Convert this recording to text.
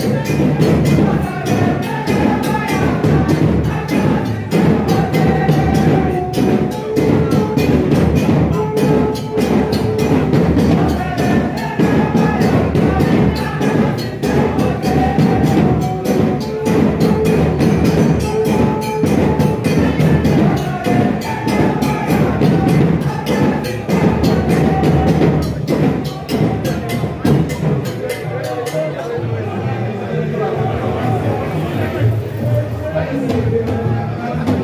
Música Vai,